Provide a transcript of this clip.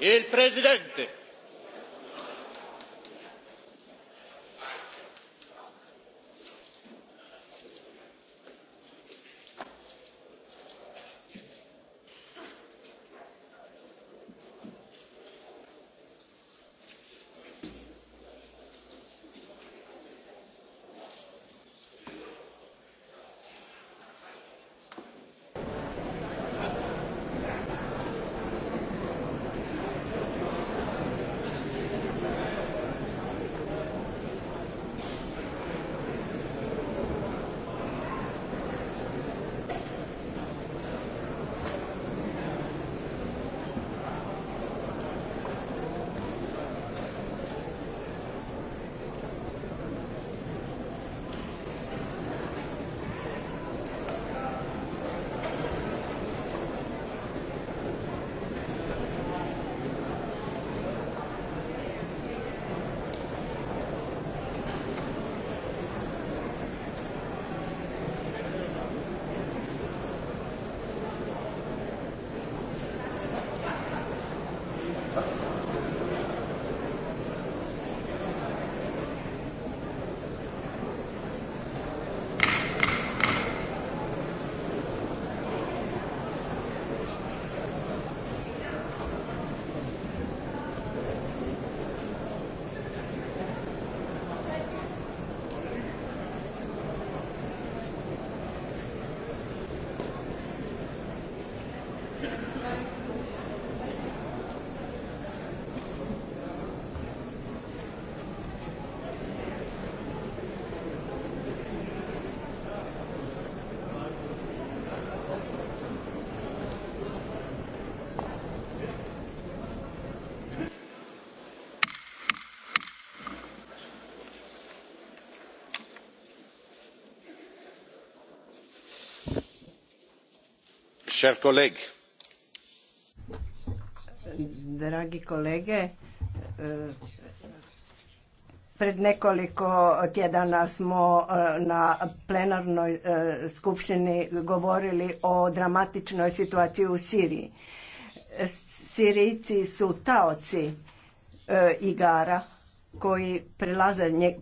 il presidente Dragi kolege, e, pred nekoliko tjedana smo e, na plenarnoj e, skupštini govorili o dramatičnoj situaciji u Siriji. Sirijci su taoci igara koji prelaze